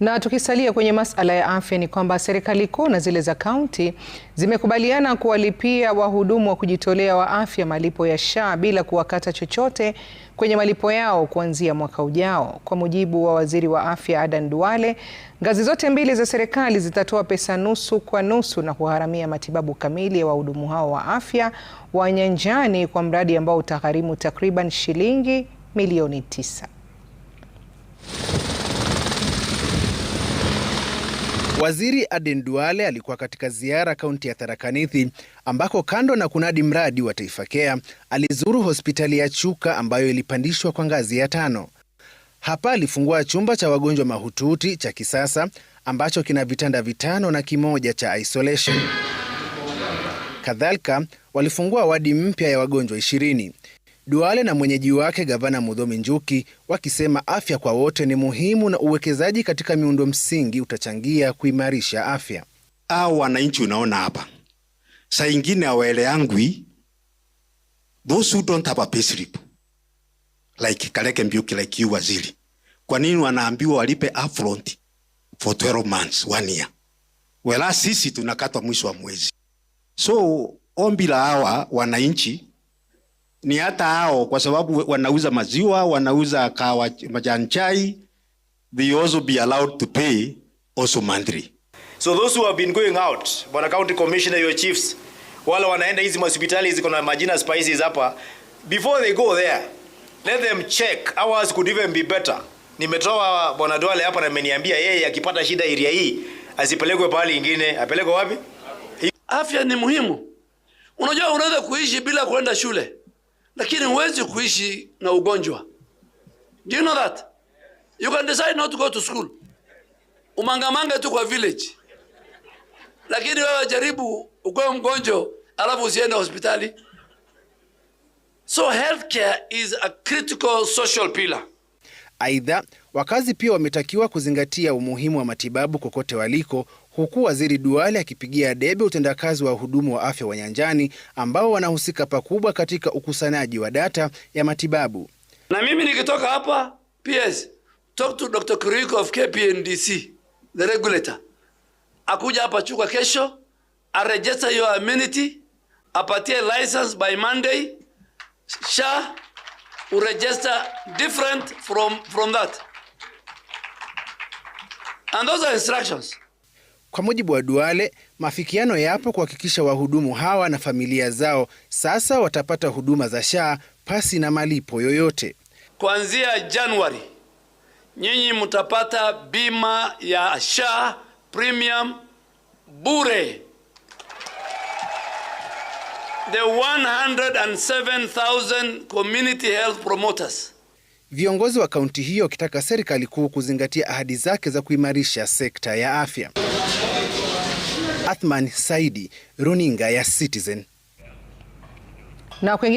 Na tukisalia kwenye masala ya afya ni kwamba serikali kuu na zile za kaunti zimekubaliana kuwalipia wahudumu wa kujitolea wa afya malipo ya SHA bila kuwakata chochote kwenye malipo yao kuanzia mwaka ujao. Kwa mujibu wa Waziri wa Afya Adan Duale, ngazi zote mbili za serikali zitatoa pesa nusu kwa nusu na kuharamia matibabu kamili ya wahudumu hao wa afya wa nyanjani kwa mradi ambao utagharimu takriban shilingi milioni tisa. Waziri Aden Duale alikuwa katika ziara kaunti ya Tharaka Nithi ambako kando na kunadi mradi wa Taifa Care alizuru hospitali ya Chuka ambayo ilipandishwa kwa ngazi ya tano. Hapa alifungua chumba cha wagonjwa mahututi cha kisasa ambacho kina vitanda vitano na kimoja cha isolation. Kadhalika walifungua wadi mpya ya wagonjwa ishirini. Duale na mwenyeji wake Gavana Mudhomi Njuki wakisema afya kwa wote ni muhimu na uwekezaji katika miundo msingi utachangia kuimarisha afya. Hao wananchi unaona hapa, saa ingine those who don't have a like Mbiuki, like you waziri, kwa nini wanaambiwa walipe upfront for 12 months, one year, wala sisi tunakatwa mwisho wa mwezi. So ombi la hawa wananchi ni hata hao, kwa sababu wanauza maziwa, wanauza kawa, majani chai, they also be allowed to pay also monthly. So those who have been going out, bwana county commissioner, your chiefs, wala wanaenda hizi hospitali ziko na majina spices hapa, before they go there, let them check ours could even be better. Nimetoa bwana Duale hapa na ameniambia yeye akipata shida area hii asipelekwe pahali ingine, apelekwe wapi? Afya ni muhimu. Unajua unaweza kuishi bila kwenda shule lakini huwezi kuishi na ugonjwa. Do you know that? You can decide not to go to school. Umangamanga tu kwa village. Lakini wewe jaribu ukoe mgonjwa alafu usiende hospitali. So healthcare is a critical social pillar. Aidha, wakazi pia wametakiwa kuzingatia umuhimu wa matibabu kokote waliko huku Waziri Duale akipigia debe utendakazi wa wahudumu wa afya wa nyanjani ambao wanahusika pakubwa katika ukusanyaji wa data ya matibabu. Na mimi nikitoka hapa PS talk to Dr. Kuriko of KPNDC the regulator. Akuja hapa Chuka kesho, aregister your amenity, apatie license by Monday. Sha uregister different from from that. And those are instructions. Kwa mujibu wa Duale, mafikiano yapo kuhakikisha wahudumu hawa na familia zao sasa watapata huduma za SHA pasi na malipo yoyote. Kuanzia Januari, nyinyi mtapata bima ya SHA premium bure. The 107,000 community health promoters. Viongozi wa kaunti hiyo wakitaka serikali kuu kuzingatia ahadi zake za kuimarisha sekta ya afya. Athman Saidi, runinga ya Citizen. Na